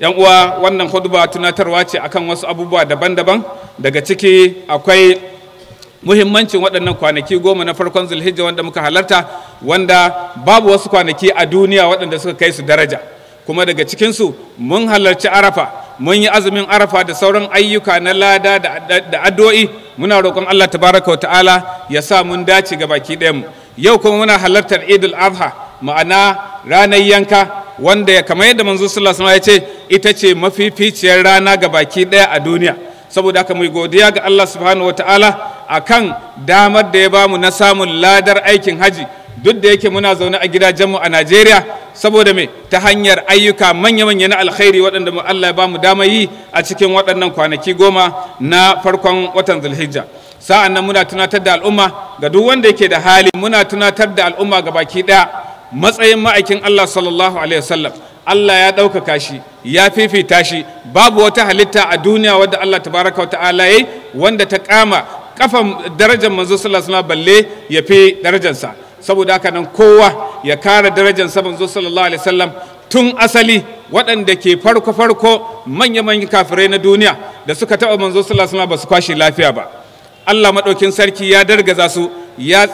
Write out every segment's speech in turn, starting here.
yan uwa wannan huduba tunatarwa ce akan wasu abubuwa daban-daban daga ciki akwai muhimmancin waɗannan kwanaki goma na farkon zulhijja wanda muka halarta wanda babu wasu kwanaki a duniya waɗanda suka kai su daraja kuma daga cikinsu mun halarci arafa mun yi azumin arafa da sauran ayyuka na lada da addu'o'i muna roƙon allah tabaraka wa ta'ala ya sa mun dace ga baki ɗayanmu yau kuma muna halartar idul adha ma'ana ranar yanka wanda ya kamar yadda manzo sallallahu alaihi wasallam ya ce ita ce mafificiyar rana ga baki daya a duniya saboda haka muyi godiya ga Allah subhanahu wataala akan damar da ya bamu na samun ladar aikin haji duk da yake muna zaune a gidajenmu a Najeriya saboda me ta hanyar ayyuka manya-manya na alkhairi waɗanda mu Allah ya bamu damar yi a cikin waɗannan kwanaki goma na farkon watan Zulhijja sa'an nan muna tunatar da al'umma ga duk wanda yake da hali muna tunatar da al'umma ga baki ɗaya matsayin ma'aikin Allah sallallahu alaihi wasallam Allah ya ɗaukaka shi ya fifita shi babu wata halitta a duniya wadda Allah tabaraka wa ta'ala yayi wanda ta kama kafa darajar manzo sallallahu alaihi balle ya fi darajarsa saboda haka nan kowa ya kara sa manzo sallallahu alaihi wasallam tun asali waɗanda ke farko-farko manya-manyan kafirai na duniya da suka taɓa manzo sallallahu ba su kwashe lafiya ba Allah maɗaukin sarki ya dargaza su ya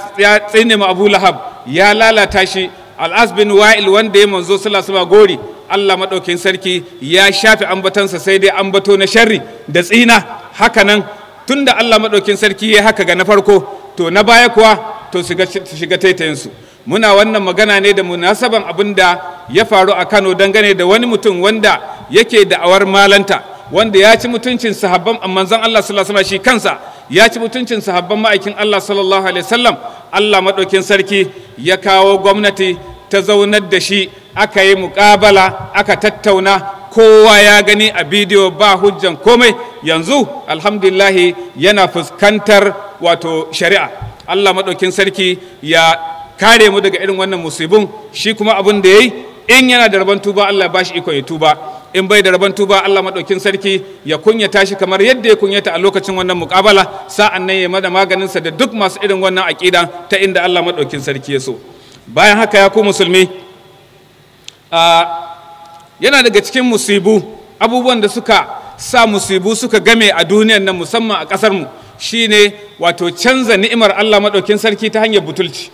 tsine mu Abu Lahab ya lalata shi al'as bin wa'il wanda ya manzo sallallahu gori Allah madaukin sarki ya shafi ambatansa sai dai ambato na sharri da tsina haka nan tunda Allah madaukin sarki ya haka ga na farko to na baya kuwa to shiga taitayinsu muna wannan magana ne da munasaban abin da ya faru a Kano dangane da wani mutum wanda yake da'awar malanta wanda ya ci mutuncin sahabban manzon Allah sallallahu alaihi wasallam shi kansa ya ci mutuncin sahabban ma'aikin Allah sallallahu alaihi wasallam Allah maɗaukin sarki ya kawo gwamnati ta zaunar da shi aka yi muƙabala aka tattauna kowa ya gani a bidiyo ba hujjan komai yanzu alhamdulillahi yana fuskantar wato shari'a Allah maɗaukin sarki ya kare mu daga irin wannan musibin shi kuma abin da ya yi in yana da rabon tuba Allah ba shi ikon ya tuba in bai da rabon tuba Allah madaukin sarki ya kunyata shi kamar yadda ya kunyata a lokacin wannan mukabala sa'an nan ya mada maganin sa da duk masu irin wannan aqida ta inda Allah madaukin sarki ya so bayan haka ya ku musulmi yana daga cikin musibu abubuwan da suka sa musibu suka game a duniyan nan musamman a kasar mu shine wato canza ni'imar Allah madaukin sarki ta hanyar butulci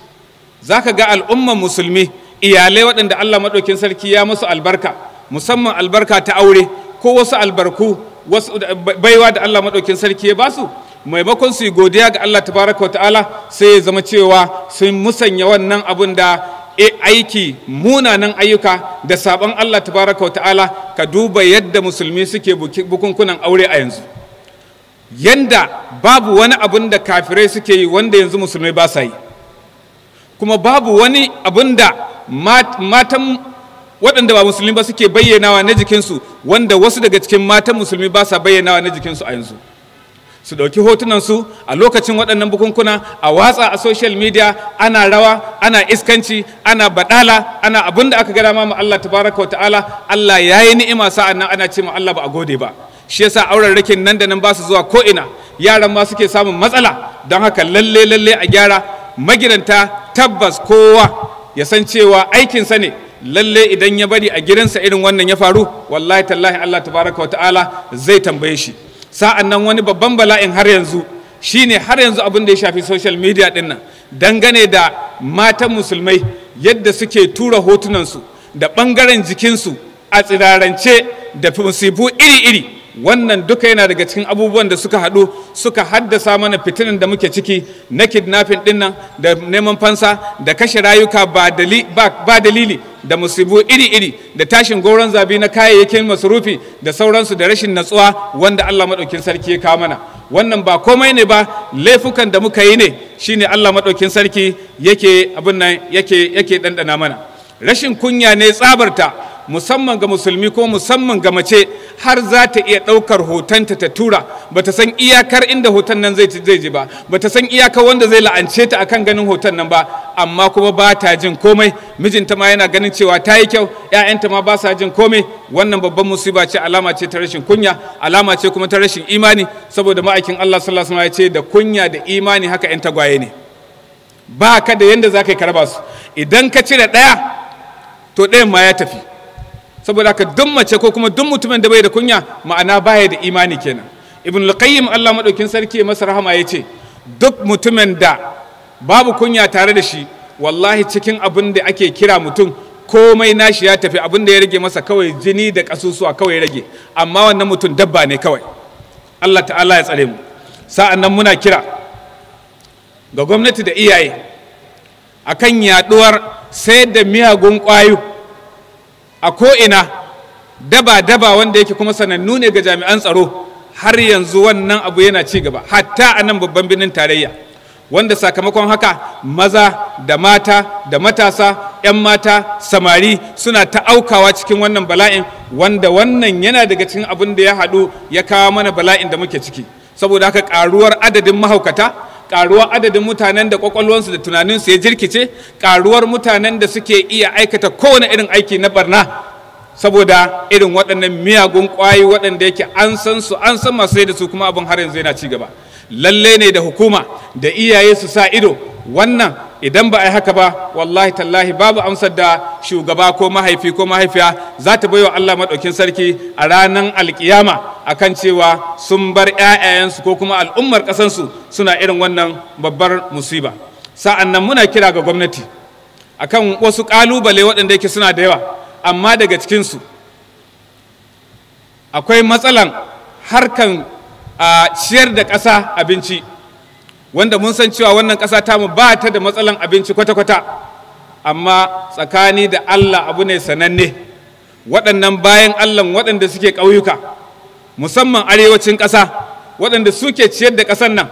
zaka ga al'umman musulmi iyalai waɗanda Allah maɗaukin sarki ya musu albarka musamman albarka ta aure ko wasu albarku wasu baiwa da Allah maɗaukin sarki ya basu maimakon su yi godiya ga Allah tabaraka wa ta'ala sai ya zama cewa sun musanya wannan abun da e, aiki munanan ayyuka da sabon Allah tabaraka wa ta'ala ka duba yadda musulmi suke bukunkunan aure a yanzu yanda babu wani abun da kafirai suke yi wanda yanzu musulmi ba sa yi kuma babu wani abun da matan waɗanda ba musulmi ba suke bayyanawa na jikinsu wanda wasu daga cikin matan musulmi ba sa bayyanawa na jikinsu a yanzu su ɗauki hotunansu a lokacin waɗannan bukunkuna a watsa a social media ana rawa ana iskanci ana baɗala ana abin da aka gada ma Allah tabaraka wa ta'ala Allah ya yi ni'ima sa'an nan ana ce ma Allah ba a gode ba shi yasa auren rikin nan da nan ba su zuwa ko ina yaran ma suke samun matsala don haka lalle lalle a gyara magidanta tabbas kowa ya san cewa aikinsa ne lalle idan ya bari a gidansa irin wannan ya faru wallahi tallahi Allah tabaraka ta'ala zai tambaye shi sa'an nan wani babban bala'in har yanzu shine har yanzu abin da ya shafi social media din nan dangane da matan musulmai yadda suke tura hotunansu da ɓangaren jikinsu a tsirarance da musibu iri-iri wannan duka yana daga cikin abubuwan da suka haɗu suka haddasa mana fitinin da muke ciki na kidnapping din nan da neman fansa da kashe rayuka ba dalili da musibu iri-iri da tashin goron zabi na kayayyakin masurufi da sauransu da rashin natsuwa wanda Allah maɗaukin sarki ya kawo mana wannan ba komai ne ba laifukan da muka yi ne shine Allah maɗaukin sarki yake abin nan yake yake ɗanɗana mana rashin kunya ne tsabarta musamman ga musulmi ko musamman ga mace har za ta iya ɗaukar hotonta ta tura ba ta san iyakar inda hoton nan zai zai ji ba ta san iyakar wanda zai la'ance ta akan ganin hoton nan ba amma kuma ba ta jin komai mijinta ma yana ganin cewa ta yi kyau ‘ya'yanta ma ba sa jin komai wannan babban musiba ce alama ce ta rashin kunya alama ce kuma ta rashin imani saboda ma'aikin Allah sallallahu alaihi wasallam ya ce da kunya da imani haka ‘yan tagwaye ne ba ka da yanda za ka yi karba su idan ka ci da ɗaya to ɗayan ma ya tafi saboda haka duk mace ko kuma duk mutumin da bai da kunya ma'ana baya da imani kenan ibn al-qayyim Allah madaukin sarki masa rahama yace duk mutumin da babu kunya tare da shi wallahi cikin abin da ake kira mutum komai nashi ya tafi abin da ya rage masa kawai jini da kasusuwa kawai rage amma wannan mutum dabba ne kawai Allah ta'ala ya tsare mu sa'an nan muna kira ga gwamnati da iyaye akan yaduwar sayar da miyagun ƙwayo a ko'ina daba-daba wanda yake kuma sanannu ne ga jami'an tsaro har yanzu wannan abu yana ci gaba hatta a nan babban birnin tarayya wanda sakamakon haka maza da mata da matasa 'yan mata samari suna ta aukawa cikin wannan bala'in wanda wannan yana daga cikin abin da ya haɗu ya kawo mana bala'in da muke ciki saboda haka ƙaruwar adadin mahaukata karuwar adadin mutanen da kwakwalwansu da tunaninsu ya jirkice karuwar mutanen da suke iya aikata kowane irin aiki na barna saboda irin waɗannan miyagun ƙwayi waɗanda yake an san su an san masu da su kuma abin har yanzu yana ci gaba lalle ne da hukuma da iyaye su sa ido wannan idan ba a yi haka ba wallahi tallahi babu amsar da shugaba ko mahaifi ko mahaifiya za ta wa Allah maɗaukin sarki a ranar alkiyama kan cewa sun bar 'ya'yayensu ko kuma al'ummar ƙasansu suna irin wannan babbar musiba sa'an nan muna kira ga gwamnati akan wasu ƙalubale waɗanda yake suna da yawa amma daga cikinsu akwai matsalan harkan ciyar da ƙasa abinci wanda mun san cewa wannan ƙasa ta mu ba ta da matsalan abinci kwata-kwata amma tsakani da Allah abu ne sananne waɗannan bayan Allah waɗanda suke ƙauyuka musamman arewacin ƙasa waɗanda suke ciyar da ƙasar nan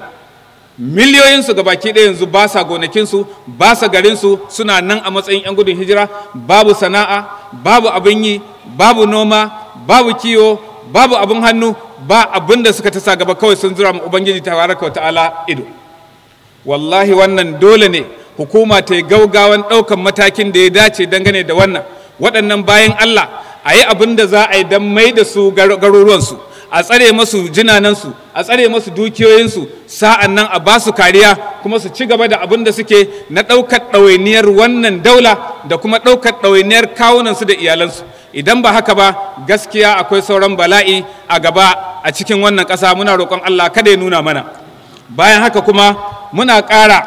miliyoyinsu ga baki ɗaya yanzu ba sa gonakinsu ba sa garinsu suna nan a matsayin 'yan gudun hijira babu sana'a babu abin yi babu noma babu kiwo babu abin hannu ba abin da suka ta sa gaba kawai sun zura ma ubangiji ta wa ta'ala ido wallahi wannan dole ne hukuma ta yi gaugawan ɗaukan matakin da ya dace dangane da wannan waɗannan bayan Allah a yi abin da za a yi don mai da su garuruwansu a tsare masu jinanansu a tsare masu dukiyoyinsu sa'an nan a ba su kariya kuma su ci gaba da abin da suke na ɗaukar ɗawainiyar wannan daula da kuma ɗaukar ɗawainiyar kawunansu da iyalansu idan ba haka ba gaskiya akwai sauran bala'i a gaba a cikin wannan ƙasa muna roƙon Allah kada ya nuna mana bayan haka kuma muna ƙara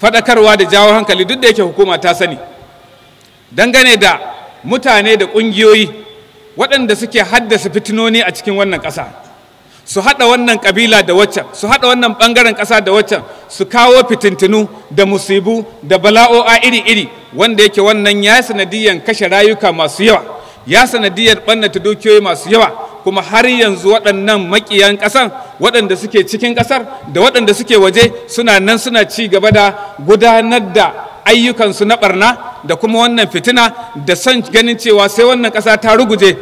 faɗakarwa da jawo hankali duk da yake hukuma ta sani dangane da mutane da ƙungiyoyi waɗanda suke haddasa fitinoni a cikin wannan ƙasa su haɗa wannan ƙabila da waccan su haɗa wannan ɓangaren ƙasa da waccan su kawo fitintinu da musibu da bala'o'a iri-iri wanda yake wannan ya sanadiyar kashe rayuka masu yawa ya sanadiyar ɓannata dukiyoyi masu yawa kuma har yanzu waɗannan makiyan ƙasar waɗanda suke cikin ƙasar da waɗanda suke waje suna nan suna ci gaba da gudanar da ayyukansu na ɓarna da kuma wannan fitina da son ganin cewa sai wannan ƙasa ta ruguje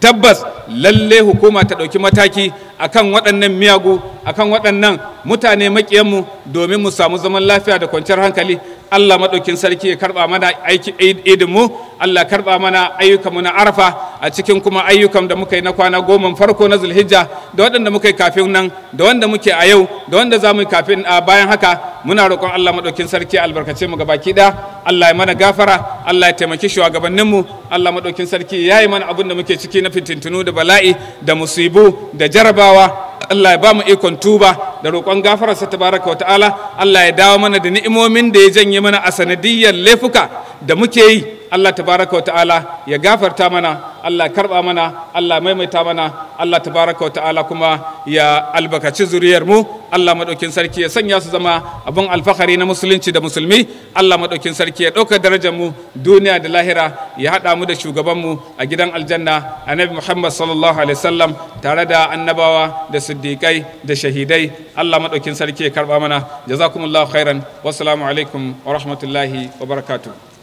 tabbas lalle hukuma ta ɗauki mataki akan waɗannan miyagu akan waɗannan mutane maƙiyanmu domin mu samu zaman lafiya da kwanciyar hankali Allah maɗaukin sarki ya karɓa mana aiki idinmu Allah karɓa mana ayyukanmu na arafa a cikin kuma ayyukan da muka yi na kwana goma farko na zulhijja da waɗanda muka yi kafin nan da wanda muke a yau da wanda za mu yi kafin bayan haka muna roƙon Allah maɗaukin sarki albarkace mu baki ɗaya Allah ya mana gafara Allah ya taimaki shugabanninmu Allah maɗaukin sarki ya yi mana abin da muke ciki na fitintunu da bala'i da musibu da jarabawa Allah ya ba mu ikon tuba da roƙon gafararsa tabaraka wa ta'ala Allah ya dawo mana da ni'imomin da ya janye mana a sanadiyyar laifuka da muke yi Allah tabaraka ta'ala ya gafarta mana Allah karba mana Allah maimaita mana Allah tabaraka ta'ala kuma ya albarkaci zuriyarmu Allah madaukin sarki ya sanya su zama abin alfahari na musulunci da musulmi Allah maɗaukin sarki ya ɗauka darajar mu duniya da lahira ya haɗa mu da shugabanmu a gidan aljanna annabi Muhammad sallallahu alaihi wasallam tare da annabawa da siddiƙai da shahidai Allah madaukin sarki ya karba mana jazakumullahu khairan wassalamu alaikum wa rahmatullahi wa barakatuh